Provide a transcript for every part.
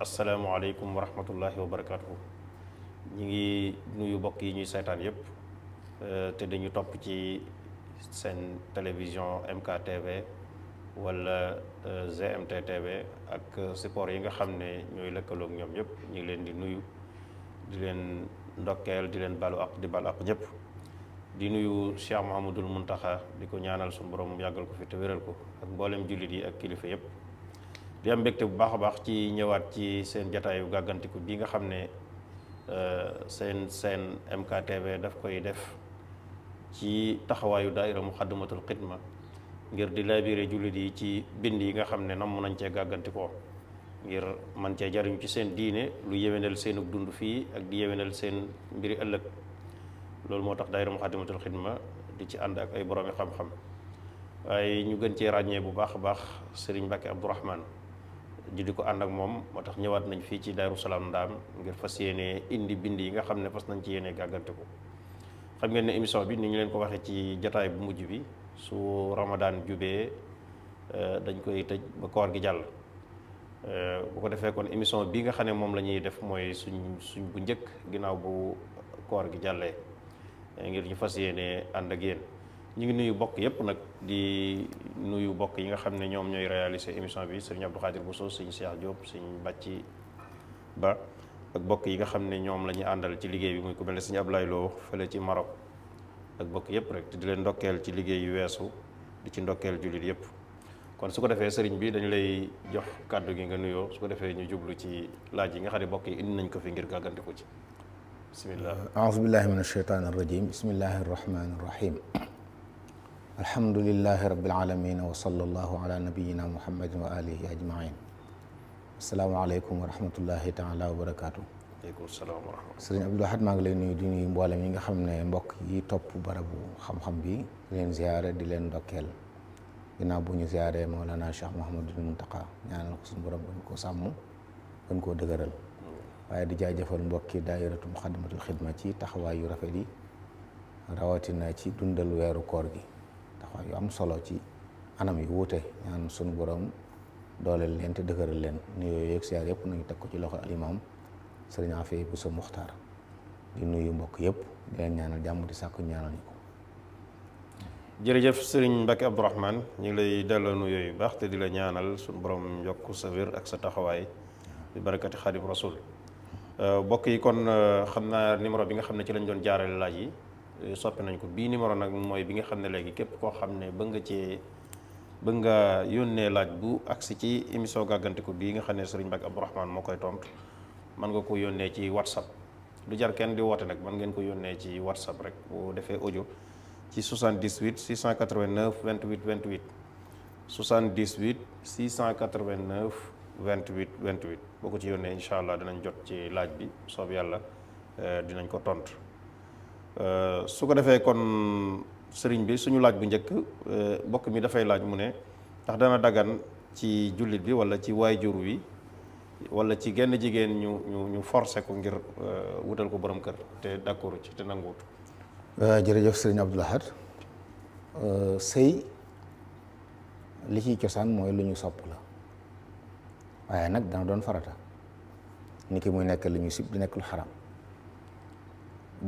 asalaamualeykum wa rahmatullahi wa barakaatuhu ñi ngi nuyu mbokk yi ñuy seetaan yépp euh, te dañu topp ci seen télévision MKTV wala euh, GMT TV ak support yi nga xam ne ñooy lëkkaloog ñoom yépp ñu ngi leen di nuyu di leen ndokkeel di leen balu ak di balu ak ñépp di nuyu Cheikh Mouhamadul Muntaxa di ko ñaanal suñu borom yàggal ko fi te wéral ko ak mboolem jullit yi ak kilifa yépp di am mbégte bu baax a baax ci ñëwaat ci seen jataayu gàggantiku bi nga xam ne euh, seen seen MKTV daf koy def ci taxawaayu daaira muxaddamatul xidma ngir di laabire jullit yi ci bind yi nga xam ne namm nañ cee gàggantikoo ngir man cee jariñu ci seen diine lu yéwénal seenug dund fii ak di yéwénal seen mbiri ëllëg loolu moo tax daayira muxaddamatul xidma di ci ànd ak ay boromi xam-xam waaye ñu gën cee ràññee bu baax a baax sëriñ Mbàkke Abdourahman di ko ànd ak moom moo tax ñëwaat nañ fii ci Daaru Salaam Ndaam ngir fas yéene indi bind yi nga xam ne fas nañ ci yéene gàggante ko xam ngeen ne émission bi ni ñu leen ko waxee ci jataay bu mujj bi su Ramadan jubee euh, dañ koy tëj ba koor gi jàll euh, bu ko defee kon émission bi nga xam ne moom la ñuy def mooy suñ suñ bu njëkk ginnaaw bu koor gi jàllee ngir ñu fas yéene ànd ak yéen ñu ngi nuyu bokk yépp nag di nuyu bokk yi nga xam ne ñoom ñooy réaliser émission bi sëriñ Abdou Khadir Bousso sëriñ Cheikh Diop sëriñ Bàcci Ba ak bokk yi nga xam ne ñoom la ñuy àndal ci liggéey bi muy ku mel ne sëriñ Ablaye Lo fële ci Maroc ak bokk yépp rek di leen ndokkeel ci liggéey yu weesu di ci ndokkeel jullit yépp kon su ko defee sëriñ bi dañu lay jox kàddu gi nga nuyoo su ko defee ñu jublu ci laaj yi nga xam ne bokk yi indi nañ ko fi ngir gàggante ko ci bismillah aouzu billahi min asheytaan arrajim bismillahi arrahmani arrahim alhamdulillahi rabbil alamin wa sallallahu ala nabiyina muhammadin wa alihi ajmain asalaamaaleykum wa rahmatullahi taala wa barakaatu aleykum salaam wa rahmatulah sëriñ Abdul Ahad maa ngi lay nuyu di nuyu mboolem yi nga xam ne mbokk yi topp barabu xam-xam bi di leen ziyaare di leen ndokkeel ginnaaw bu ñu ziyaaree Mawlana Cheikh Mouhamadul Muntaqa ñaanal ko suñu borom gën koo sàmm gën koo dëgëral waaye di jaajëfal mbokki daayiratu Muxaddamatul Xidma ci taxawaay yu rafet yi rawatina ci dundal weeru koor gi taxawaay yu am solo ci anam yu wuute ñaan sunu borom doole leen te dëgëral leen nuyoo yeeg siyaar yëpp nañu teg ko ci loxo alimaam sëriñ Afee bu sa muxtaar di nuyu mbokk yëpp di ñaanal jàmm di sàkku ñaanal ñu ko. jërëjëf sëriñ Mbacke Abdourahmane ñu ngi lay delloo nuyoo yu baax te di la ñaanal sunu borom yokk sa wér ak sa taxawaay bi barakati xaadim rasul mm-hmm. mbokk yi kon euh, xam naa numéro bi nga xam ne ci lañ doon jaarale laaj yi. Euh, soppi nañ ko bii numéro nag mooy bi nga xam ne léegi képp koo xam ne bëgg nga cee bëgg nga yónnee laaj bu agsi ci émission gàggantiku bii nga xam ne Serigne Mbacke Abdourahmane moo koy tontu mën nga ko yónnee ci whatsapp lu jar kenn di woote nag mën ngeen ko yónnee ci whatsapp rek bu defee ojo ci 78 689 28 28 78 689 28 28 boo ko ci yónnee incha allah dinañ jot ci laaj bi soob yàlla euh, dinañ ko tontu. Euh, su ko defee kon sëriñ bi suñu laaj bu njëkk euh, mbokk mi dafay laaj mu ne ndax dana daggan ci jullit bi wala ci waay waajur wi wala ci genn jigéen ñu ñu ñu forcé ko ngir euh, wutal ko borom kër te d'accord ci te nanguwut. jërëjëf sëriñ Abdou Lahad sëy li ciy cosaan mooy lu ñu sopp la waaye nag dana doon farata ni ki muy nekk lu ñu sib di nekk lu xaram.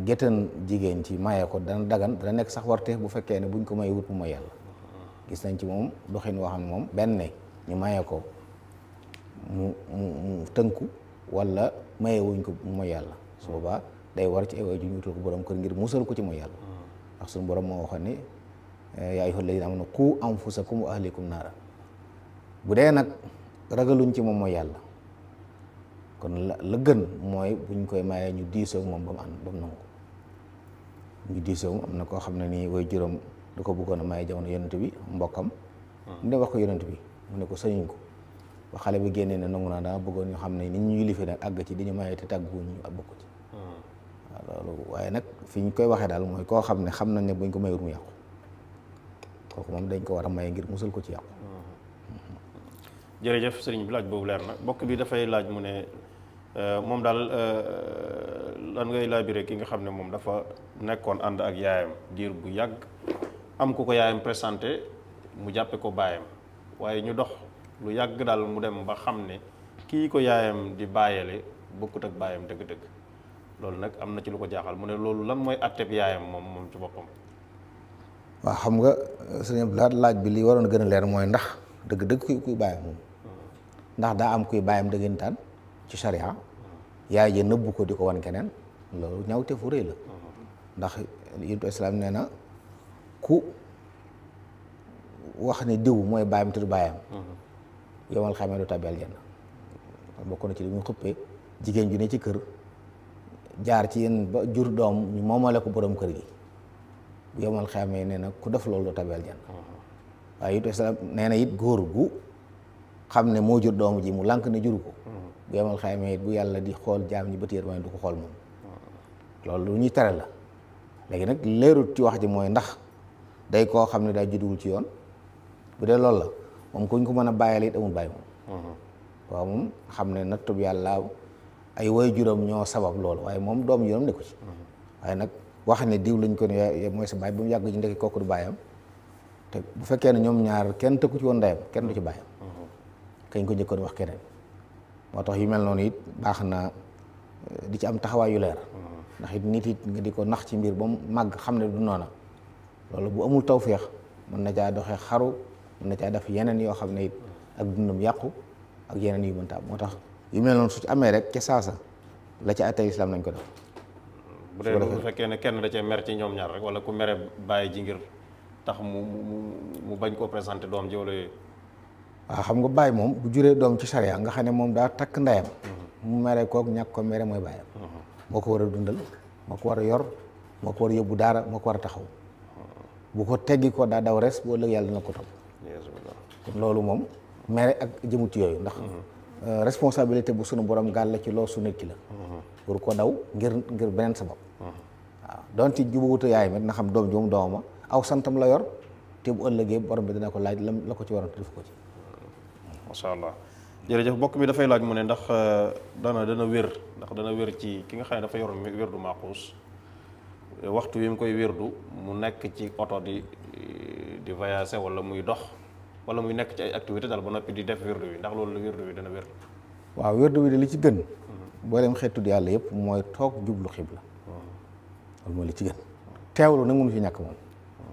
géttan jigéen ci maye ko dana dagan dana nekk sax warteef bu fekkee ne buñ ko may wut mu mooy yàlla gis nañ ci moom doxin woo ne moom benn ñu maye ko mu mu tënku wala maye wuñ ko mu mooy yàlla su boobaa day war ci ay waajur ñu ko borom kër ngir musal ko ci mooy yàlla ndax suñu borom moo waxoon ni eh, yaa ayyuhal lazina aamanu quu anfusakum wa ahlikum naara bu dee nag ragaluñ ci moom mooy yàlla kon la la gën mooy buñ koy mayee ñu diisoo moom ba mu ànd ba mu nangu ñu diisoo am na koo xam ne nii way juróom da ko bëggoon a maye jamono yonent bi mbokkam. dina hmm. wax ko yonent bi mu ne ko sañuñ ko ba xale bi génnee ne nangu naa daa bëggoon ñu xam ne ni ñu yilifee nag àgg ci di ñu maye te tàgguwu ñu bokk ci. Hmm. waaw loolu waaye nag fi ñu koy waxee daal mooy koo xam ne xam nañ ne buñ ko mayut mu yàqu kooku moom dañ ko war a maye ngir musal ko ci yàqu. Hmm. jërëjëf sëriñ bi laaj boobu leer na mbokk bi dafay laaj mu ne. Euh, moom daal euh, lan ngay laabire ki nga xam ne moom dafa nekkoon ànd ak yaayam diir bu yàgg am ku ko yaayam présenté mu jàppe ko baayam waaye ñu dox lu yàgg daal mu dem ba xam ne kii ko yaayam di bàyyale bokkut ak baayam dëgg-dëgg loolu nag am na ci lu ko jaaxal mu ne loolu lan mooy àtteeb yaayam moom moom ci boppam waaw xam nga euh, sëñ Abdoulaye laaj bi li waroon gën a leer mooy ndax dëgg-dëgg kuy kuy baayam moom hmm. ndax daa am kuy baayam dëggantaan ci sharia yaay ja nëbbu ko di ko wan keneen loolu ñawte fu rëy la ndax yonentu islaam nee na ku wax ne diw mooy baayam te du baayam yomal xamee du ci li muy jigéen ju ne ci kër jaar ci yéen ba jur doom ñu moomale ko borom kër gi yomal xamee nee na ku def loolu du tabeel jenn uh-huh. waaye yonentu islaam nee it góor gu xam ne moo jur doomu ji mu lànk ne juru ko mm-hmm. bu yemal xayma it bu yàlla di xool jaam ñi bët yërmande du ko xool moom loolu lu ñuy tere la léegi nag leerut ci wax ji mooy ndax day koo xam ne daa judduwul ci yoon bu loolu la moom kuñ ko mën a bàyyal it amul bàyyi moom mm-hmm. waaw moom xam ne nattub yàlla ay way juróom ñoo sabab loolu waaye moom doomu juróom nekku ci mm-hmm. waaye nag wax ne diw lañ ko ne mooy sa baay ba mu yàgg ji ndekki kooku du bàyyam te bu fekkee ne ñoom ñaar kenn tëkku ci woon ndeyam kenn du ci bàyyam kañ ko njëkkoon wax keneen moo tax yu mel noonu it baax na eh, di ci am taxawaay yu leer mm-hmm. ndax it nit it nga di ko nax ci mbir ba mu màgg xam ne du noona loolu bu amul tawféex mën na caa doxee xaru mën na caa def yeneen yoo xam ne it ak dundam yàqu ak yeneen yu mënta am moo tax yu mel noonu su ci amee rek ca saasa la ca attay islam nañ ko def. bu dee bu fekkee ne kenn da cee mer ci ñoom ñaar rek wala ku mere bàyyi ji ngir tax mu mu mu bañ koo présenté doom ji waaw ah, xam nga baay moom bu juree doom ci sariya nga xam ne moom daa takk ndeyam mhm. mu mere koog ñàkk ko mere mooy baayam mhm. moo ko war a dundal moo ko war a yor moo ko war a yóbbu daara moo ko war a taxaw mhm. bu ko teggi ko daa daw res boo ëllëg yàlla dina ko topp loolu moom mere ak jëmut yooyu ndax euh, responsabilité bu sunu borom la ci loo sunu nekk pour ko daw ngir ngir beneen sabab waaw donte jubawuta yaay mi na xam doom ji moom doomama aw santam la yor te bu ëllëgee borom bi dina ko laaj lam la ko ci waroon ko ci macha allah jërëjëf mbokk mi dafay laaj mu ne ndax euh, dana dana wér ndax dana wér ci ki nga xam ne dafa yoroon wérdu maaxuus waxtu wi mu koy wérdu mu nekk ci oto di di voyager wala muy dox wala muy nekk ci ay activité daal ba noppi di def wérdu wi ndax loolu wérdu wi dana wér waaw wérdu wi de li ci gën mhm. boo dem xeetu di yàlla yëpp mooy toog jublu xibla mhm. loolu mooy li ci gën teewlu nag mënu ci ñàkk moom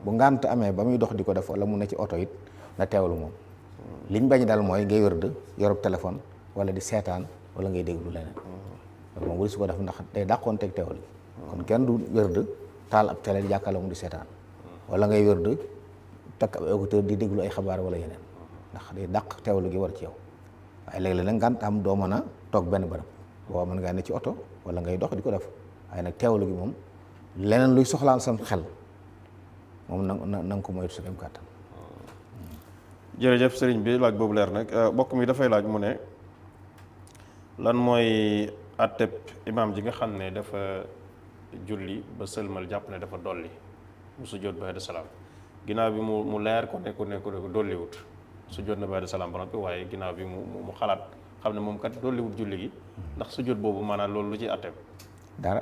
bu ngant amee ba muy dox di ko def wala mu ne ci oto yit na teewlu moom liñ bañ daal mooy ngay wërd yorub téléphone wala di seetaan wala ngay déglu leneen loolu moom wari su ko def ndax day dàqoonteeg teewal gi kon kenn du wërd taal ab télé jàkkaarloo mu di seetaan wala ngay wërd takk ab écouteur di déglu ay xabaar wala yeneen ndax day dàq teewlu gi war ci yow waaye léeg-léeg nag ngànt am doo mën a toog benn barab boo man ngaa ne ci oto wala ngay dox di ko def waaye nag teewlu gi moom leneen luy soxlaal sam xel moom na na nga ko moytu sa dem jërëjëf sëriñ bi laaj boobu leer nag euh, mbokk mi dafay laaj mu ne lan mooy atteb imaam ji nga xam ne dafa julli ba sëlmal jàpp ne dafa dolli mu sujjóot ba de salaam bi mu mu leer ko nekku nekku ne ko dolliwut sujjóot na ba de salaam noppi waaye ginnaaw bi mu mu xalaat xam ne moom kat dolliwut julli gi ndax sujjóot boobu maanaam loolu lu ci atteb dara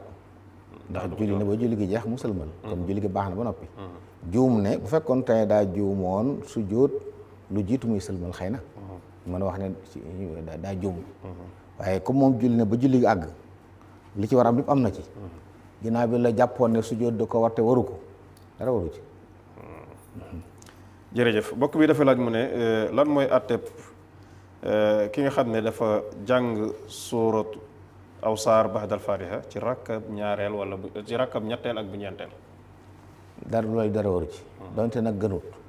ndax julli na ba julli gi jeex mu sëlmal mm-hmm. kon julli gi baax na ba noppi mm-hmm. juum ne bu fekkoon tey daa juumoon sujjóot lu jiitu muy sëlmal xëy na mm-hmm. mën a wax ne daa juum mm-hmm. waaye comme moom julli na ba julli gi àgg li ci war am lépp am na ci mm-hmm. ginnaaw bi la jàppoon ne sujjóot da ko warte waru ko dara waru ci jërëjëf mbokk bi dafa laaj mu ne euh, lan mooy àtteeb euh, ki nga xam ne dafa jàng suurat aw saar ba'dal faatiha ci rakkab ñaareel wala ci rakkab ñetteel ak bu ñeenteel dara looy dara waru ci donte nag gënut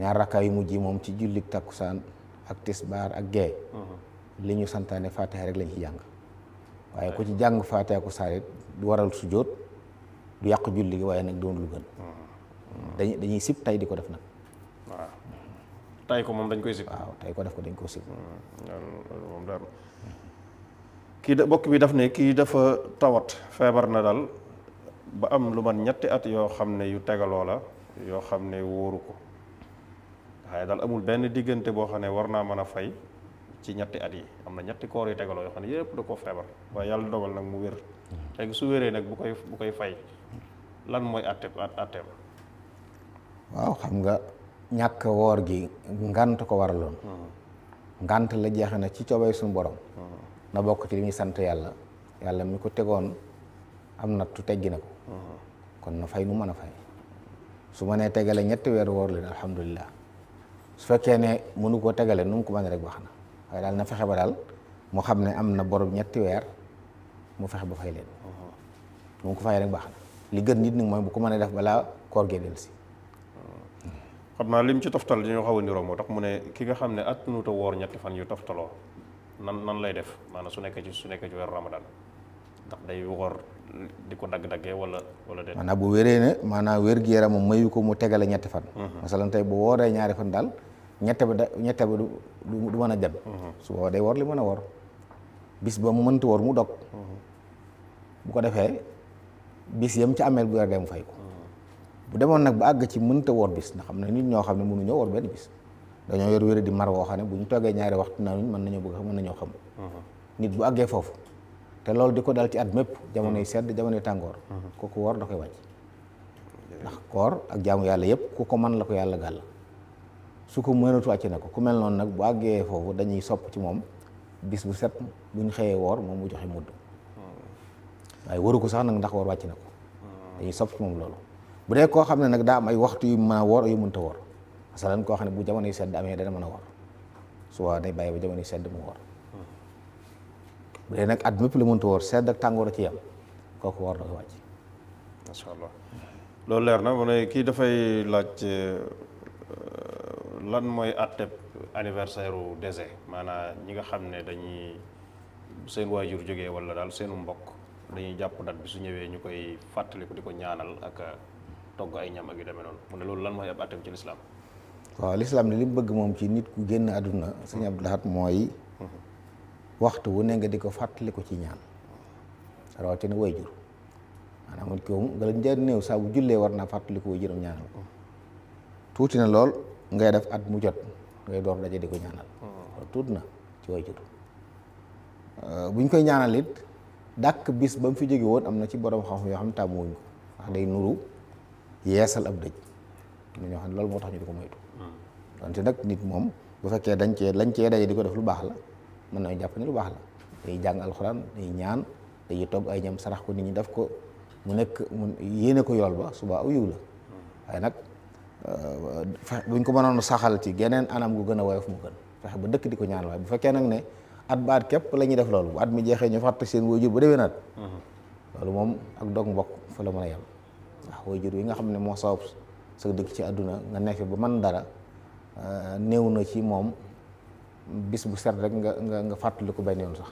ñaar rakkaa yu mujj moom ci jullik takkusaan ak tisbaar ak gee uh-huh. li ñu santaane faatiha rek lañ ci jàng waaye ko ci jàng faatiha ku saarit du waral sujjóot du yàqu julli gi waaye nag doon lu gën uh-huh. Uh-huh. dañuy dañuy sib tay di ko def nag tay ko moom dañ koy sib ko def ko dañ ko sib hmm, moom daal kii da bokk bi daf ne kii dafa tawat feebar na daal ba am lu man ñetti at yoo xam ne yu tegaloo la yoo xam ne wóoru ko waaye daal amul benn diggante boo xam ne war naa mën a fay ci ñetti at yi am na ñetti koor yu tegaloo yoo yëpp da koo feebar waaye yàlla dogal nag mu wér su wéree nag bu koy bu koy fay lan mooy atte waaw xam nga ñàkk woor gi ngànt ko waraloon hmm. ngant la jeexe na ci coobay suñu borom hmm. na bokk ci li muy sant yàlla yàlla mu ko tegoon am nattu teggi na ko hmm. kon na fay nu mën a fay su ma nee tegalee ñetti weer woor leen alhamdulilah su fekkee ne mënu koo tegale nu mu ko mën rek wax na waaye daal na fexe ba daal mu xam ne am na borom ñetti weer mu fexe ba fay leen bu uh-huh. mu ko gën nit mooy bu ko mën def balaa koor gee dellu si uh-huh. xam naa lim ci toftal dañoo xaw a niroo moo mu ne ki nga xam ne at nuta woor ñetti fan yu toftaloo nan nan lay def maanaam su nekkee ci su nekkee ci weeru ramadan ndax day woor ko dagg-daggee wala wala déet maanaam bu wéree ne maanaam wér gi yaramam mayu ko mu tegale ñetti fan uh-huh. masalan tey bu wooree ñaari fan daal ñette bi da ñette bi du mën a dem mhm. su boobaa day war li mën a war bis ba mu mënti war mu dog mhm. bu ko defee bis yam ci ameel bu weer dem fay ko mhm. bu demoon nag ba àgg ci mënta war bis ndax xam ne nit ñoo xam ne mënuñoo war benn bis dañoo yor wéra di mar woo xam ne bu ñu toogee ñaari waxtu naanuñ mën nañoo bëgg xam mën nañoo xam nit bu àggee foofu te loolu di ko dal ci at mépp jamonoy sedd jamonoy tàngoor kooku woor da koy wàcc ndax koor ak jaamu yàlla yëpp ku ko mën la ko yàlla gàll su ko mënatu wàcc na ko ku mel noonu nag bu àggee foofu dañuy sopp ci moom bis bu set bu ñu xëyee woor moom mu joxe mudd waaye waru ko sax nag ndax woor wàcc na ko dañuy sopp ci moom loolu bu dee koo xam ne nag daa am ay waxtu yu mën a yu mënta woor masalan koo xam ne bu jamono yu sedd amee dana mën a woor su day bàyyi ba jamono yu mu woor bu nag at mépp la mënta woor sedd ak tàngoor a ci yam kooku woor na ko wàcc macha allah loolu leer na mu ne kii dafay laaj lan mooy atteb anniversaire u décès maanaam ñi nga xam ne dañuy seen waajur jóge wala daal seenu mbokk dañuy jàpp dat bi su ñëwee ñu koy fàttaliku di ko ñaanal ak togg ay ñam ak yu demee noonu mu ne loolu lan mooy ab atteb ci lislaam waaw lislaam li li mu bëgg moom ci nit ku génn àdduna sëñ Abdou Lahad mooy waxtu wu ne nga di ko fàttaliku ci ñaan rawatina waajur maanaam ko nga la njëriñ néew saa bu jullee war naa fàttaliku waajuram ñaanal na lool ngay def at mu jot ngay doom daje di ko ñaanal hmm. tuut na ci way jur euh, bu ñu koy ñaanal it dàkk bis ba mu fi jóge woon am na ci borom xam yoo xam ne tàmmuwuñ ko ndax day nuru yeesal ab dëj am na ñoo xam ne loolu moo tax ñu di ko moytu wante hmm. nag nit moom bu fekkee dañ cee lañ cee daje di ko def lu baax la mën nañu jàpp ne lu baax la day jàng alxuraan day ñaan dañuy togg ay ñam sarax ko nit ñi def ko mu nekk mu yéene ko yool ba suba aw yiw la hmm. waaye nag bu buñ ko mënoon saxal ci geneen anam gu gën a woyof mu gën fexe ba dëkk di ko ñaan waaye bu fekkee nag ne at ba at képp la ñuy def loolu bu at mi jeexee ñu fàtte seen waajur bu déwénaat loolu moom ak dog mbokk fa la mën a yem ndax waajur nga xam ne moo sabab sa dëkk ci àdduna nga nekk ba man dara euh, néew na ci moom bis bu set rek nga nga nga fàttali ko benn yoon sax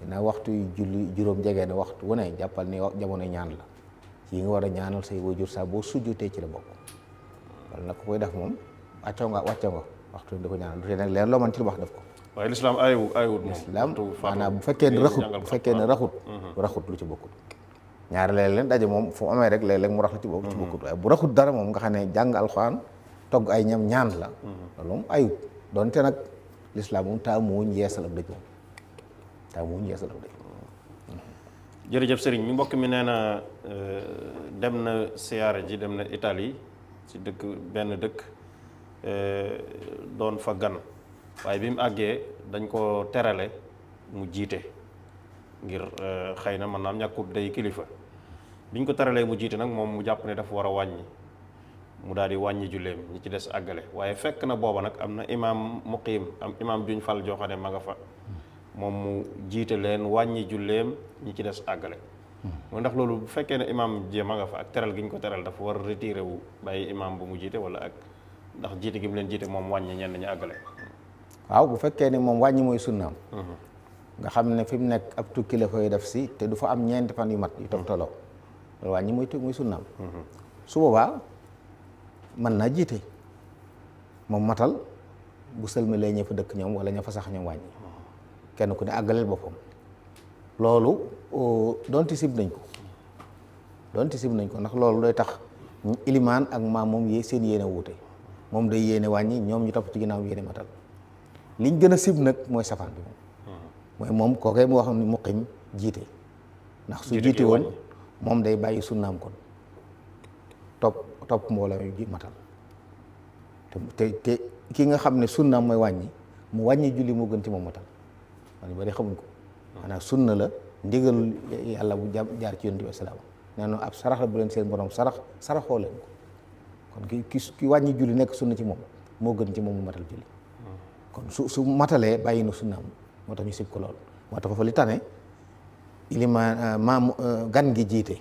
dina waxtu yu julli juróom jege ne waxtu wu ne jàppal ni jamono ñaan la ci yi war a ñaanal say waajur saa boo sujjutee ci la bokk kon nag ku koy def moom wàccoo nga wàccoo nga waxtu di ko ñaanal du tee nag leen loo mën ci lu wax def ko waaye lislaam aayewul aayewul moom lislaam maanaam bu fekkee ne raxut bu fekkee ne raxut mm-hmm. raxut lu ci bokkut ñaar léeg-léeg daje moom fu mu amee rek léeg-léeg mu rax lu ci mm-hmm. bokkut waaye bu raxut dara moom nga xam ne jàng alxuraan togg ay ñam ñaan la mm-hmm. loolu moom ayut donte nag lislaam moom taamuwuñ yeesal ab dëj moom taamuwuñ yeesal sëriñ mi mbokk mi nee na euh, dem na siyaare ji dem na Italie ci dëkk benn dëkk eh, doon fa gan waaye bi mu àggee dañ ko terale mu jiite ngir eh, xëy na man naam ñàkkut day kilifa biñ ko teralee mu jiite nag moom mu jàpp ne dafa war a wàññi mu daal di wàññi julleem ñi ci des àggale waaye fekk na booba nag am na imaam muqiim am imaam juñ fal joo xam fa hmm. moom mu jiite leen wàññi julleem ñi ci des àggale moo ndax loolu bu fekkee ne imaam jéem a nga fa ak teral gi ñu ko teral dafa war a retiré wu bàyyi imaam bu mu jiite wala ak ndax jiite gi mu leen jiite moom wàññi ñenn ñu àggale. waaw bu fekkee ne moom wàññi mooy sunnaam. Mhm. nga xam ne fi mu nekk ab tukki la def si te du am ñeenti fan yu mat yu toftaloo wàññi mooy mooy sunnaam. Mhm. su boobaa mën naa jiite moom matal bu sëlmi lay ña fa dëkk ñëw wala ña fa sax ñëw wàññi mhm. kenn ku ne àggaleel boppam loolu. Oh, donte sib nañ ko donte sib nañ ko ndax loolu day tax ilimaan ak maam moom yee seen yéene wuute moom day yéene wàññi ñoom ñu topp ci ginnaaw yéene matal liñ gën a sib nag mooy safaan bi moom hmm. mooy moom kookee mu waxoon ni muqim jiite ndax su jiite woon moom day bàyyi sunnaam kon topp topp mbooloo ji matal te te ki nga xam ne sunnaam mooy wàññi mu wàññi julli moo gën ci moom matal man bari xamuñ ko hmm. maanaam sunna la ndigalul yàlla bu jaar ci yonent bi asalaam nee na ab sarax la bu leen seen borom sarax saraxoo leen ko kon ki ki wàññi julli nekk sunna ci moom moo gën ci moom mu matal julli kon su su matalee bàyyi na sunnaam moo tax ñu sib ko lool moo tax foofu li tane ilima euh, maam euh, gan gi jiite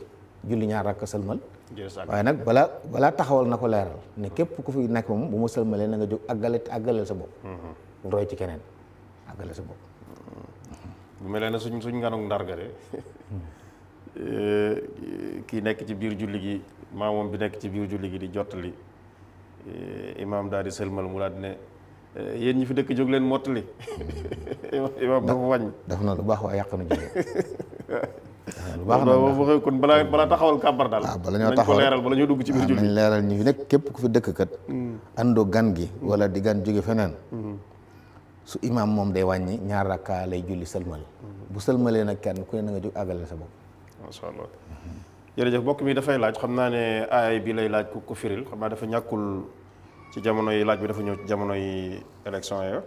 julli ñaar rakk sëlmal waaye nag balaa balaa taxawal na ko leeral ne képp ku fi nekk moom bu ma sëlmalee na nga jóg àggale àggaleel sa bopp mm-hmm. roy ci keneen àggale sa bopp bu melee na suñ suñ nganuk ndargare eh, kii nekk ci biir julli gi maamoom bi nekk ci biir julli gi di jottali eh, imaam daal di sëlmal mu daal di ne eh, yéen ñi fi dëkk jóg leen mottali imaam dafa na lu baax waa yàq na julli lu baax na kon balaa balaa taxawal kàbbar daal waaw ah, bala ñoo taxawal leeral bala ñoo dugg ci biir ah, julli leeral ñu fi nekk képp ku fi dëkk kat hmm. àndoo gan gi hmm. wala di gan jóge feneen hmm. su imaam moom day wàññi ñaar rakka lay julli sëlmal bu sëlmalee nag kenn ku ne na jóg àggale sa bopp macha allah jërëjëf mbokk mi dafay laaj xam naa ne aay bi lay laaj ku ko firil xam naa dafa ñàkkul ci jamono yi laaj bi dafa ñëw ci jamono yi élection yo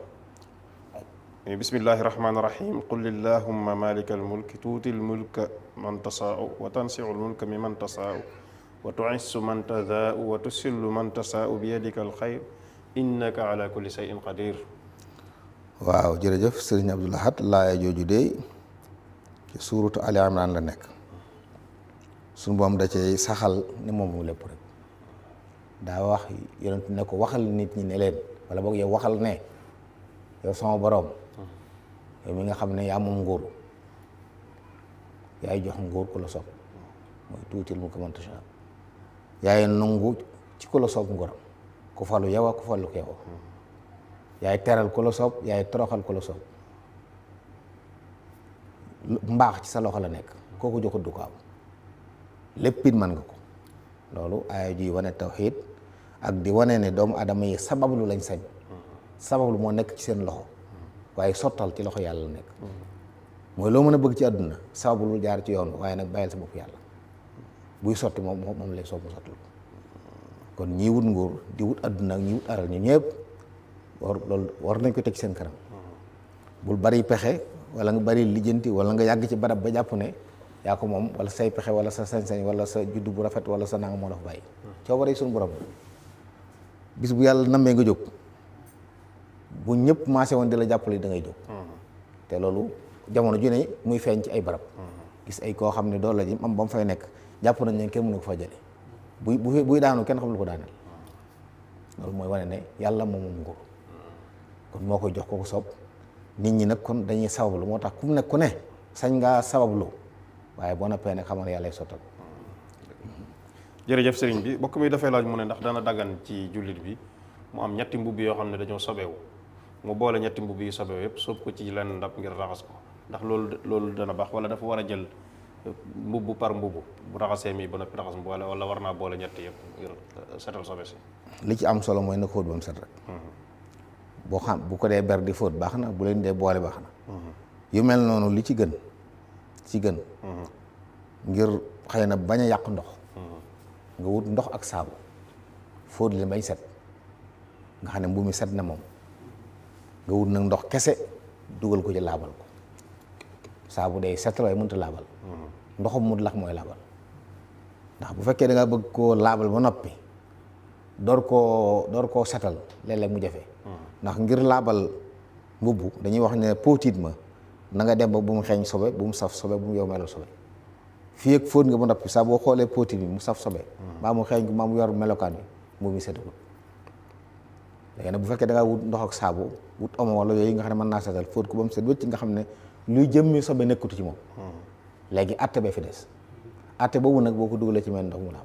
muy bismillahi rahmaani rahim qul illahumma malika al mulk tuuti al mulka man tasaau wa tansiu al mi man tasaau wa tuissu man man tasaau bi yadika al xayr innaka ala kulli qadir waaw jërëjëf sëriñ Abdou Lahad laaya jooju dey ci suuratu Ali Imran la nekk suñu boom da cay saxal ne moom lépp rek daa wax yonent ne ko waxal nit ñi ne leen wala boog yow waxal ne yow sama boroom yow mi nga xam ne yaa moom nguur yaay jox nguur ku la soob mooy tuutil mu ko yaay nangu ci ku la soob nguuram ku falu yow ak ku yaay teral ku la soob yaay toroxal ku la soob mbaax ci sa loxo la nekk kooku joxut du ko am lépp it mën nga ko loolu aaya juy wane tawxiid ak di wane ne doomu aadama yi sabablu lañ sañ sabablu moo nekk ci seen loxo waaye sottal ci loxo yàlla la nekk mooy loo mën a bëgg ci àdduna sabablu jaar ci yoon waaye nag bàyyil sa bopp yàlla buy sotti moom moom lay soob mu sotti ko kon ñii wut nguur di wut àdduna ak ñii wut alal ñu ñëpp war loolu war nañ ko teg seen kanam bul bari pexe wala nga bari lijjanti wala nga yàgg ci barab ba jàpp ne yaa ko moom wala say pexe wala sa sañ-sañ wala sa juddu bu rafet wala sa nanga moo la fa bàyyi coobare suñu borom bis bu yàlla nammee nga jóg bu ñëpp maase woon di la jàppale da ngay jóg te loolu jamono ju ne muy feeñ ci ay barab ay koo xam ne doole ji am ba fay nekk jàpp nañ ne kenn mënu ko fa jële buy buy daanu kenn xam ko daaneel loolu mooy wane ne yàlla moom moom ko kon moo koy jox ko ko sob nit ñi nag kon dañuy sabablu moo tax ku mu nekk ku ne sañ ngaa sabablu waaye boo noppee nag xamal yàlla sottal jërëjëf sëriñ bi bokk mi dafay laaj mu ne ndax dana daggan ci jullit bi mu am ñetti mbubb yoo xam ne dañoo sobeewu mu boole ñetti mbubb yu sobeewu yëpp soob ko ci lenn ndab ngir raxas ko ndax loolu loolu dana baax wala dafa war a jël euh, bu par mbubbu bu raxasee mi ba noppi raxas mboole wala war naa boole ñetti yëpp ngir euh, setal sobe si li ci am solo mooy na ko wut ba mu set rek mm-hmm. boo xam bu ko dee ber di fóot baax na bu leen dee boole baax na yu mel noonu lu ci gën ci gën ngir xëy na bañ a yàq ndox nga wut ndox ak saabu fóot li bañ set nga xam ne mbu mi set na moom nga wut nag ndox kese dugal ko ci laabal ko saabu day set la waaye mënut a laabal ndoxum mu lax mooy laabal ndax bu fekkee da bëgg koo laabal ba noppi door koo door koo setal léeg-léeg mu jafe ndax ngir laabal mbubb dañuy wax ne póotiit ma na nga dem ba bu mu xeeñ sobe bu mu saf sobe bu mu yow melal sobe fii ak fóot nga ba noppi saa boo xoolee póotiit bi mu saf sobe hmm. mbaa mu xeeñ ko mbaa mu yor melokaan bi mu mi seetagul léegi nag bu fekkee da wut ndox ak saabu wut omo wala yooyu nga xam ne mën naa seetal fóot ko ba mu set nga xam ne luy jëmmi sobe nekkutu ci moom hmm. léegi atte ba fi des atte boobu nag boo ko dugalee ci mel ndox mu naam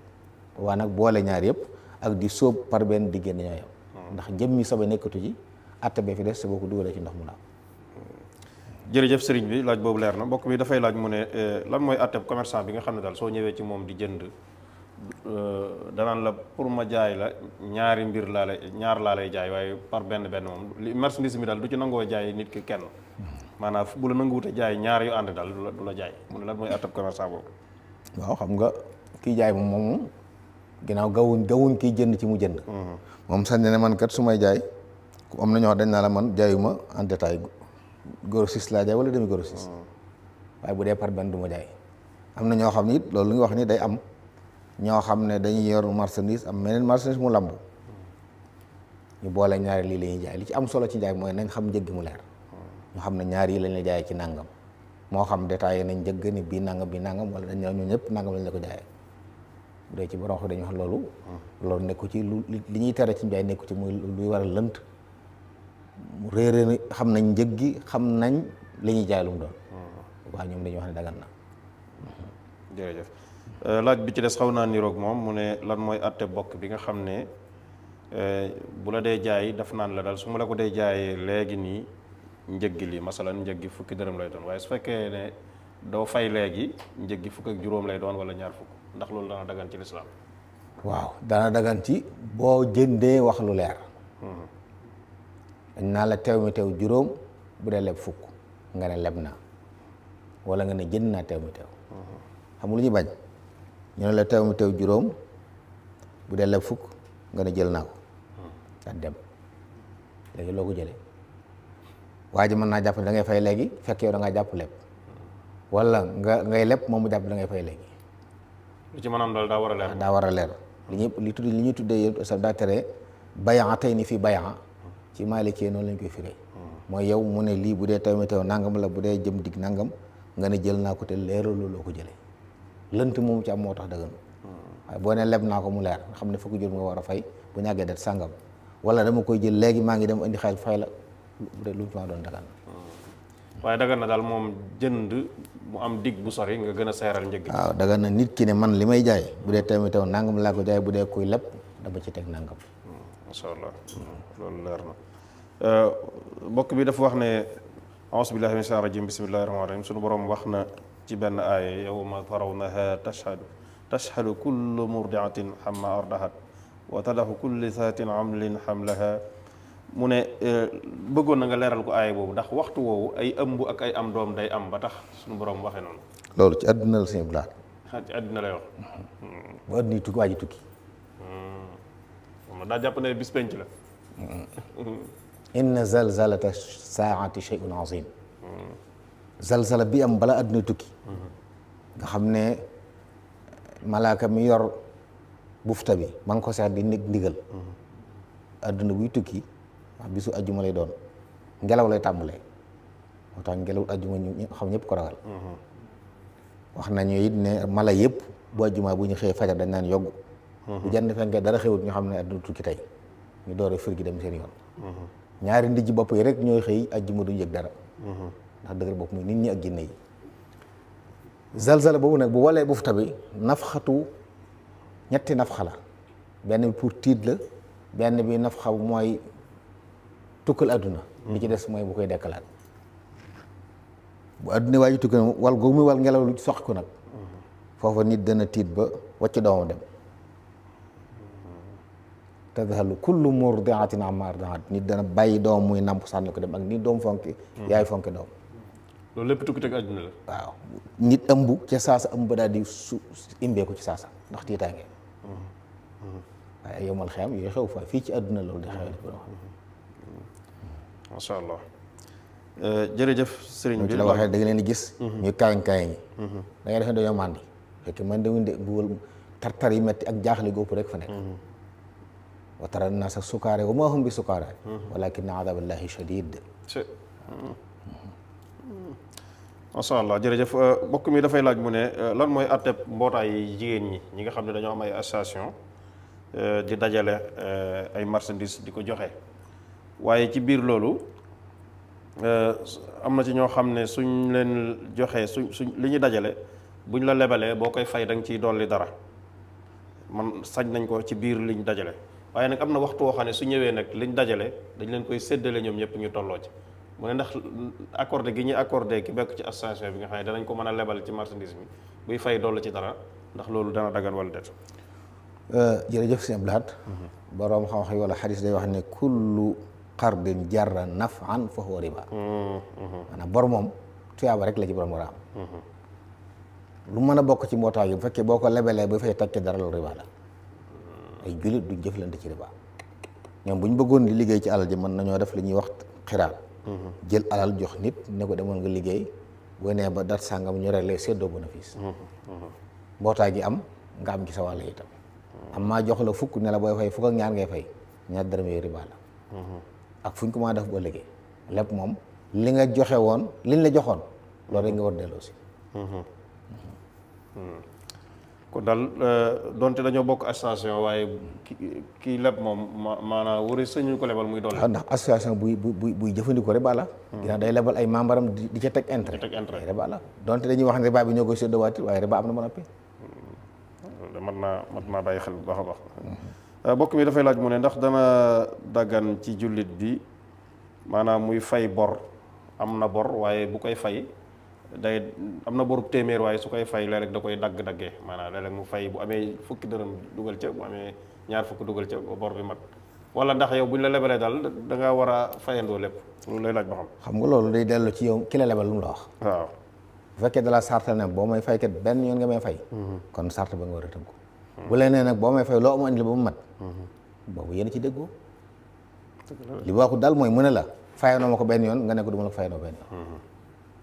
waa nag boole ñaar yëpp ak di sóob par benn di génn ñoo ndax jëmmi sobe nekkatu ji atta bee fi des te boo ko dugalee ci ndox mu naaw. jërëjëf sëriñ bi laaj boobu leer na mbokk mi dafay laaj mu ne eh, lan mooy atteb commerçant bi nga xam ne daal soo ñëwee ci moom di jënd euh, danaan la pour ma jaay la ñaari mbir laa lay ñaar laa jaay waaye par benn benn moom li marchandise mi daal du ci nangoo jaay nit ki kenn maanaam bu la nanguwute jaay ñaar yu ànd daal du la jaay mu ne lan mooy atteb commerçant boobu. waaw xam nga kiy jaay moom moom ginnaaw gawuñ gawuñ kiy jënd ci mu jënd. moom sañ ne man kat su may jaay ku am na ñoo dañ naa la man jaayuma en détail grossiste laa jaay wala demi grossiste. waaye bu dee par benn du ma jaay. am na ñoo xam ne it loolu li nga wax ni day am ñoo xam ne dañuy yor marchandise am meneen marchandise mu lamb. ñu boole ñaari lii la ñuy jaay li ci am solo ci jaay mooy nañ xam njëg mu leer. ñu xam ne ñaari yi lañ la jaayee ci nangam. moo xam détaillé nañ njëgg ni bii nangam bii nangam wala dañ ne ñun ñëpp nangam lañ la ko jaayee. bu ci borom xam dañuy wax loolu. loolu nekku ci lu li ñuy tere ci njaay nekku ci muy luy waral lënt. mu réeré xam nañ njëg gi xam nañ li ñuy jaay lu mu doon. Hmm. waaw ñoom dañuy wax ne dagan na. jërëjëf euh, laaj bi ci des xaw naa niroog moom mu ne lan mooy atte bokk bi nga xam ne euh, bu la dee jaay daf naan la daal su ma la ko dee jaay léegi nii njëg gi lii masalan njëg gi fukki dërëm lay doon waaye su fekkee ne doo fay léegi njëg gi fukk ak juróom lay doon wala ñaar fukk. ndax loolu dana dagan ci lislaam waaw dana dagan ci boo jëndee wax lu leer hmm. dañ naa la teew mi teew juróom bu dee leb fukk nga ne leb naa wala nga ne jënd naa teew mi teew hmm. lu ñu bañ ñu la teew mi teew juróom bu dee leb fukk nga jël naa ko hmm. at dem léegi loo ko jële waa ji mën naa jàpp ne da ngay fay léegi fekk yow da ngaa jàpp leb wala nga ngay leb moom mu jàpp da ngay fay léegi lu ci mën a daa war a leer. daa war a leer li ñuy li tudd li ñuy tuddee yëpp sa daa tere bayan tey ni fii bayan ci maalikee noonu lañ koy firee. mooy yow mu ne lii bu dee taw mi taw nangam la bu dee jëm digg nangam nga ne jël naa ko te leeraloo loo ko jëlee lënt moom ci am moo tax dëgganu waaye boo ne leb naa ko mu leer xam ne fukki jur nga war a fay bu ñàggee det sàngam wala dama koy jël léegi maa ngi dem indi xel fay la bu dee lu mu ci ma doon dagan waaye dagan na daal moom jënd mu am dig bu sori nga gën a seeral njëg waaw dagan nit ki ne man li may jaay bu dee tamit taw nangam laa ko jaay bu dee kuy lépp dama ci teg nangam. Hmm, macha allah hmm, loolu leer euh, bi dafa wax ne auzu billahi min shaytaani rajim bismillahi rahmaani wax na ci benn aaya yawma tarawnaha tashhadu ardahat wa tadahu kulli saatin amlin hamlaha mu ne eh, bëggoon na nga leeral ko aaya boobu ndax waxtu woowu ay ëmb ak ay am doom day am ba tax suñu borom waxee noonu. loolu ci àdduna la sëñ Blaat. ci bu àdduna yi tukki tukki. Hmm. daa jàpp ne bis penc la. inna zalzalata saa'ati shay'un azim. Hmm. zalzala bi am bala àdduna tukki. Hmm. nga xam ne malaaka mi yor bufta bi ma ngi ko seet di nekk ndigal. àdduna buy tukki. ndax bisu ajjuma lay doon ngelaw lay tàmbalee moo tax ngelaw ajjuma ñu xam ñëpp ko ragal mm-hmm. wax nañu it ne mala yëpp bu ajjuma bu ñu xëyee fajar dañ naan yogg mm-hmm. bu jënd fenkee dara xewut ñu xam ne àdduna tukki tey ñu door a fir gi dem seen yoon mm-hmm. ñaari ndijji bopp yi rek ñooy xëy ajjuma duñu yëg dara ndax dëgër bopp muy nit ñi ak jinne yi zalzala boobu nag bu walee bufta bi nafxatu ñetti nafxa la benn bi pour tiit la benn bi nafxa mooy tukkal àdduna li ci des mooy bu koy dekkalaat bu àdduna waaji tukki na wal googu muy wal ngelaw lu sox ko nag foofa nit dana tiit ba wàcc doomam dem tadhalu kullu murdiatin amma ardaat dana bàyyi doom muy namp sànni ko dem ak ni doom fonki yaay fonki doom loolu lépp tukki teg àdduna la waaw nit ëmb ca saasa ëmb ba daal di imbee ko ci saasa ndax tiitaange mm-hmm. Mm-hmm. waaye yomal xeyam yooyu xew fa fii ci àdduna loolu di xew macha allah eh, jërëjëf sëriñ bi la waxee da leen di gis mhm. ñu kaañ kaañ yi mhm. da nga defee dañoo màndi fekk man dawuñ de bu wal tartar yi metti ak jaaxle góob rek fa nekk mhm. wa tara naasa sukaare wa maa hum bi sukaare walakinna adaballahi shadid macha allah jërëjëf eh, mbokk mi dafay laaj mu ne eh, lan mooy atteb mbootaay yi jigéen ñi ñi nga xam ne dañoo am ay association di dajale ay marchandises di ko joxe waaye ci biir loolu euh, am na ci ñoo xam ne suñ leen joxee suñ suñ li ñu dajale buñ la lebalee boo koy fay danga ci ciy dolli dara man sañ nañ ko ci biir li liñ dajale waaye nag am na waxtu woo xam ne su ñëwee li liñ dajale dañu leen koy séddale ñoom ñëpp ñu tolloo ci mu ne ndax accordé gi ñu accordé ki bekk ci association bi nga xam ne danañ ko mën a lebal ci marchandise bi buy fay dolli ci dara ndax loolu dana dagan wala det euh, jërëjëf sëñ Abdou Lahad mm-hmm. boroom xam-xam wala xadis day wax ne qardin jarra naf'an fa huwa riba mm, mm-hmm. maanaam bor moom tuyaaba rek la ci borom war a mm-hmm. lu mën a bokk ci mbootaay yi bu fekkee boo ko lebelee ba fay tàcc dara loolu riba la ay jullit duñ jëflante ci riba ñoom bu ñu bëggoon di liggéey ci alal ji mën nañoo def li ñuy wax xiraat mm-hmm. jël alal jox nit ne ko demoon nga liggéey boo nee ba dat sàngam ñu rek lay séddoo bénéfice mbootaay gi am nga am ci sa wàll itam am jox la fukk ne la booy fay fukk ak ñaar ngay fay ñaar dërëm yooyu riba la ak fu ñu ko maa a def boo liggéey lépp moom li nga joxe woon liñ la joxoon loolu rek nga war delloo si. Mm-hmm. Mm-hmm. kon daal euh, donte dañoo bokk association waaye kii leb moom maanaam wari sëñu ko lebal muy doole. Ah, ndax association buy buy buy jëfandikoo riba la. dina mm-hmm. day lebal ay membre am di ca teg intérêt. teg intérêt riba la donte dañuy wax ne riba bi ñoo koy séddewaat waaye riba am na mën a mat naa mat naa bàyyi xel bu baax a baax. Euh, bokk mi dafay laaj mu ne ndax dana daggan ci jullit bi maanaam muy fay bor am na bor waaye bu koy fay day am na borub téeméer waaye su koy fay léeg-léeg da koy dagg-daggee maanaam léeg-léeg mu fay bu amee fukki dërëm dugal ca bu amee ñaar fukki dugal ca bor bi mag wala ndax yow bu ñu la lebalee daal da ngaa war a fayandoo lépp loolu lay laaj ba xam. xam nga loolu day dellu ci yow ki la lebal lu mu la wax. waaw bu fekkee da la ne boo may fay kat benn yoon nga fay. Mm-hmm. kon sart ba nga war a bu la nee nag boo may fay loo am andi la ba mu mat boobu yéen ci déggoo li waxu daal mooy mu ne la fayanoo ma ko benn yoon nga ne ko du ma la ko benn yoon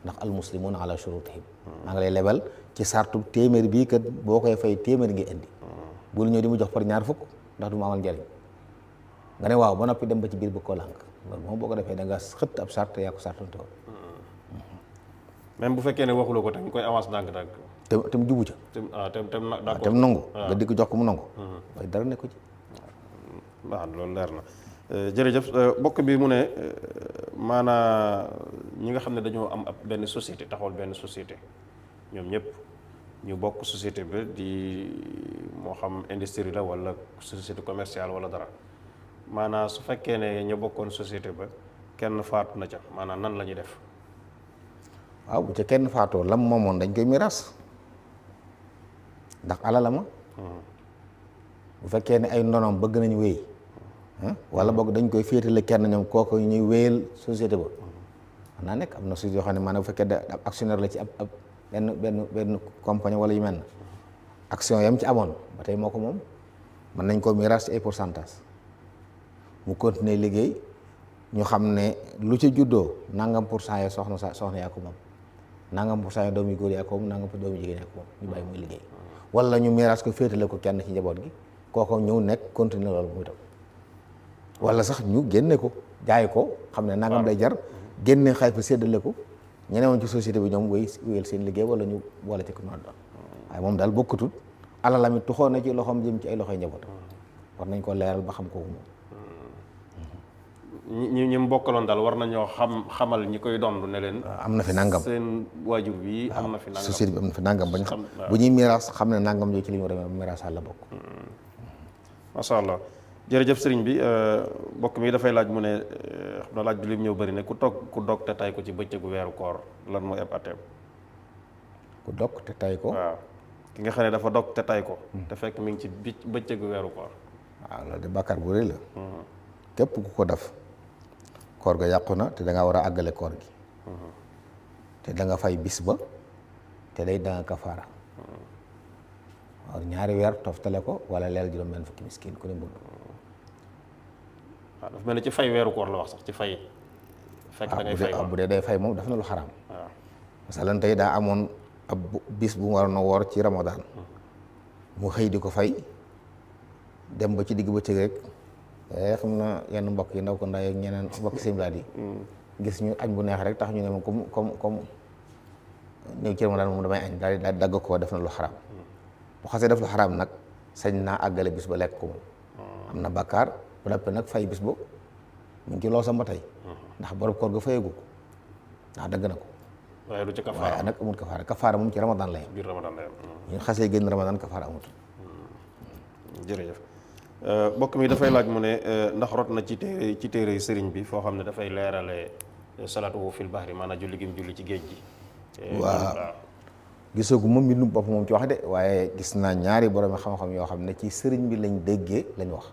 ndax al muslimun ala shurutihim maa ngi lay lebal ci sartu téeméer bii kat boo koy fay téeméer ngi indi bul ñëw di mu jox par ñaar fukk ndax du ma amal njariñ nga ne waaw ba noppi dem ba ci biir bu ko lànk moom boo ko defee da nga xëtt ab sart yaa ko sartante woon hmm. même bu fekkee ne waxuloo ko tamit koy avance ndànk te te mu jubu ca. te ah, te te mu ah, nangu. Ah. nga dikk jox ko mu nangu. Mm-hmm. waaye dara nekku ci. waaw mm-hmm. loolu leer na euh, jërëjëf euh, mbokk bi mu ne euh, maanaa ñi nga xam ne dañoo am ab benn société taxawal benn société ñoom ñëpp ñu bokk société bi di moo xam industrie la wala société commercial wala dara maanaa su fekkee ne ña bokkoon société ba kenn faatu na ca maanaam nan la ñuy def. waaw ca kenn faatoo lam moomoon dañ koy miiras. ndax alalama bu fekkee ne ay ndonoom bëgg nañu wéy wala boog dañ koy féetale kenn ñoom kooku ñuy wéyal société ba xam naa nekk am na société yoo xam ne maanaam bu fekkee da ab la ci ab ab benn benn benn compagnie wala yu mel na action yam ci amoon tey moo ko moom mën nañ koo miraas ci ay pourcentage mu continuer liggéey ñu xam ne lu ci juddoo nangam pour cent ya soxna sa soxna yaa ko moom nangam pour cent ya doomu góor yaa ko moom nangam pour doomu yaa ko moom ñu bàyyi muy liggéey wala ñu miiras ko féetale ko kenn ci njaboot gi kooko ñëw nekk continuer loolu muy tam wala sax ñu génne ko jaay ko xam ne nangam lay jar génne xaalis ba séddale ko ñu newoon ci société bi ñoom wéy wéyal seen liggéey wala ñu boole ci ku noonu waaye moom daal bokkatul alalam it tuxoon na ci loxoom jëm ci ay loxoy njaboot war nañ ko leeral ba xam kooku moom ñi ñi bokkaloon daal war nañoo xam xamal ñi koy dondu ne leen. Ah, am na fi nangam seen waajur bi ah, am na fi nangam société bi ñu xam bu ñuy miiras xam ne nangam yooyu ci li ñu war a miiras la bokk. Hmm. macha jërëjëf sëriñ bi euh, mbokk mi dafay laaj mu ne euh, xam na laaj bi lim ñëw bari ne ku toog ku dog te tay ko ci bëccëgu weeru koor lan mooy ab ateem. ku dog te tay ko. ki nga xam ne dafa dog te tay ko. Hmm. te fekk mi ngi ci bëccëgu weeru koor. waaw ah, loolu de bàkkaar bu rëy la. Hmm. képp ku ko def. koor ga yàqu na te da war a àggale koor gi te danga fay bis ba te day danga kafaara waaw ñaari weer toftale ko wala leel juróom benn fukki miskin ku ne mbëgg waaw mel ne ci fay weeru koor la wax sax ci fay fekk ah, da ah, bu dee day fay moom dafa na lu xaraam waaw masalan tey daa amoon ab bis bu mu waroon a woor ci ramadaan hmm. mu xëy di ko fay dem ba ci digg bëccëg rek Eh, xam na yenn mbokk yi ndaw ko ndaw ak ñeneen mbokk seen laat yi mm. gis ñu añ bu neex rek tax ñu ne moom comme comme comme néew ci Ramadan moom damay añ daal dagg ko def na lu xaraam bu xasee def lu xaraam nag sañ naa àggale bis ba lekk ko moom mm. am na bàkkaar bu dappee nag fay bis ba mu ngi ci ba tey mm-hmm. ndax borom koor ga fayagu ko ndax dagg na ko waaye du ci kafaara waaye nag amul kafaara kafaara moom ci Ramadan la yem biir Ramadan la yem mm. ñu xasee génn Ramadan kafaara amut Euh, mbokk mi dafay laaj mu ne euh, ndax rot na ci téere ci téere sëriñ bi foo xam ne dafay leerale euh, salaatu fil bahri maanaam julli gi mu julli ci géej gi. waaw gisagu ma ci wax de waaye gis naa ñaari borom xam yoo xam ne ci sëriñ bi lañ déggee lañ wax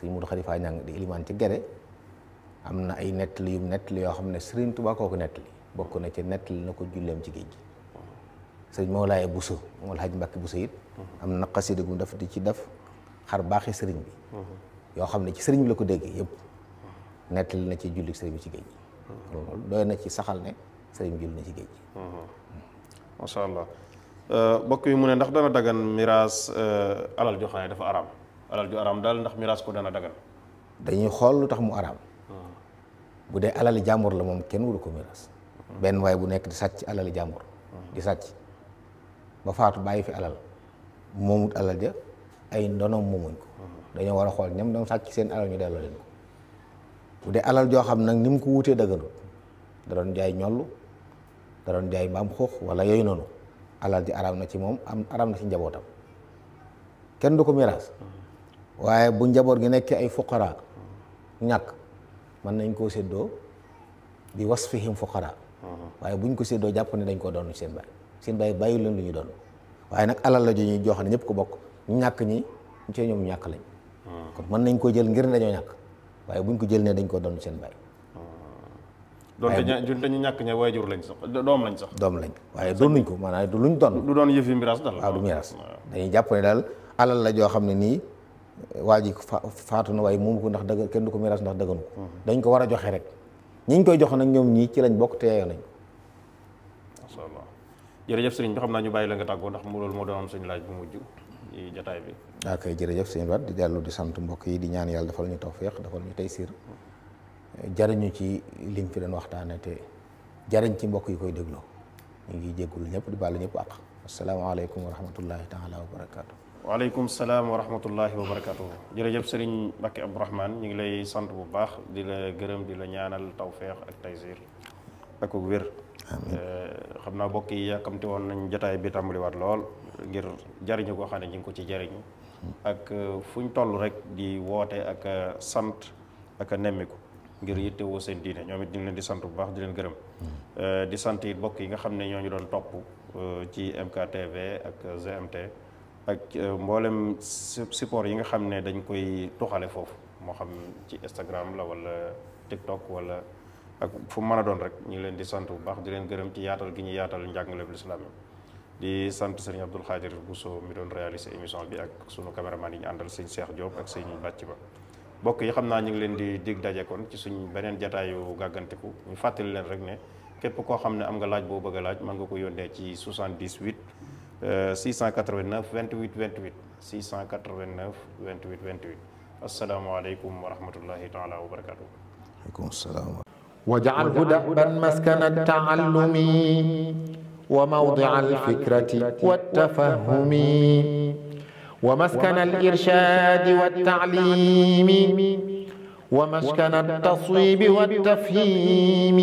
sëriñ Modou Khalifa Niang di ci gere am na ay nettali yu nettali yoo xam ne sëriñ Tuubaa kooku nettali bokk na ci nettali na ko julleem ci géej gi. sëriñ Mawlaay Bousso Mawlaay it. am na xasida def di ci def. xar baaxi sëriñ bi yoo xam ne ci sëriñ bi la ko déggee yëpp nettali na ci julli sëriñ bi ci géej gi doy na ci saxal ne sëriñ bi julli na ci géej gi macha allah euh, mbokk yi mu ne ndax dana dagan miraas euh, alal ju xane dafa araam alal ju araam daal ndax miraas ko dana dagan dañuy xool lu tax mu araam bu dee alal jàmbur la moom kenn waru ko miraas benn waaye bu nekk di sàcc alali jàmbur di sàcc ba faatu bàyyi fi alal moomut alal ja ay ndonoom moomuñ ko dañoo war a xool ñam doon sàcc seen alal ñu delloo leen ko bu dee alal joo xam nag ni mu ko wutee dëgganut da doon jaay ñollu da doon jaay mbaam xuux wala yooyu noonu alal ji araam na ci moom am araam na ci njabootam kenn du ko miraas waaye bu njaboot gi nekkee ay fuqara ñàkk mën nañ koo séddoo bi wasfihim fuqara waaye buñ ko séddoo jàpp ne dañ koo doon seen baay seen baay bàyyi leen lu ñu doon waaye nag alal la ju ñuy jox ne ñëpp ko bokk ñàkk ñi ñu cee ñoom ñàkk lañ. Hmm. kon mën nañ koo jël ngir ne dañoo ñàkk waaye buñ ko jël ne dañ ko doon seen bàyyi. Hmm. waaye doon dañu ñàkk ña waajur lañ sax doom lañ sax. doom lañ waaye doonuñ ko maanaa du luñ doon. lu doon yëfi miraas daal waaw du miraas hmm. dañuy jàpp ne daal alal la joo xam ne nii waa ji faatu na waaye moomu ko ndax dëgg kenn du ko miraas ndax dëgganu ko. dañ ko war a joxe rek ñi ñu koy jox nag ñoom ñii ci lañ bokk te yaayoo nañ ko. macha allah jërëjëf sëriñ bi xam naa ñu bàyyi la nga tàggoo ndax mu loolu moo doon laaj bu mujj. ci jotaay bi. waaw kay jërëjëf sëñ Ba di dellu di sant mbokk yi di ñaan yàlla dafal ñu tawféex dafal ñu tey siir jariñu ci liñ fi doon waxtaanee te jariñ ci mbokk yi koy déglu ñu ngi jéggul ñëpp di baalu ñëpp àq. asalaamaaleykum wa rahmatullahi taala wa barakaatu. waaleykum salaam wa rahmatullahi wa barakaatu. jërëjëf sëriñ Mbacke Abdourahmane ñu ngi lay sant bu baax di la gërëm di la ñaanal tawféex ak taysiir ak wér. Eh, xam naa mbokk yi yàkkamti woon nañ jotaay bi tàmbaliwaat lool. ngir jariñu goo xam ne ñu ngi ko ci jariñu ak uh, fu ñu toll rek di woote ak uh, sant ak nemmiku ngir yittewoo seen diine ñoom it ñu leen di sant bu baax di leen gërëm hmm. uh, di sant it yi nga xam ne ñoo ñu doon topp ci MKTV ak GMT ak mboolem support yi nga xam ne dañ koy tuxale foofu moo xam ci Instagram la wala TikTok wala ak fu mën a doon rek ñu leen di sant bu baax di leen gërëm ci yaatal gi ñu yaatal njàngale lislaam yi di sant sëriñ Abdul Xaadir Bousso mi doon réaliser émission bi ak sunu caméraman yi ñu àndal sëñ Cheikh Diop ak sëñ Bàcc Ba mbokk yi xam naa ñu ngi leen di dig daje kon ci suñ beneen jataayu gàggantiku ñu fàttali leen rek ne képp koo xam ne am nga laaj boo bëgg a laaj mën nga ko yónnee ci 78 689 28 28 689 28 28 asalaamaaleykum wa rahmatullahi taala wa barakaatu. waaleykum salaam. waj'alhu da'ban maskana ta'allumi وموضع الفكرة والتفهم ومسكن الإرشاد والتعليم ومسكن التصويب والتفهيم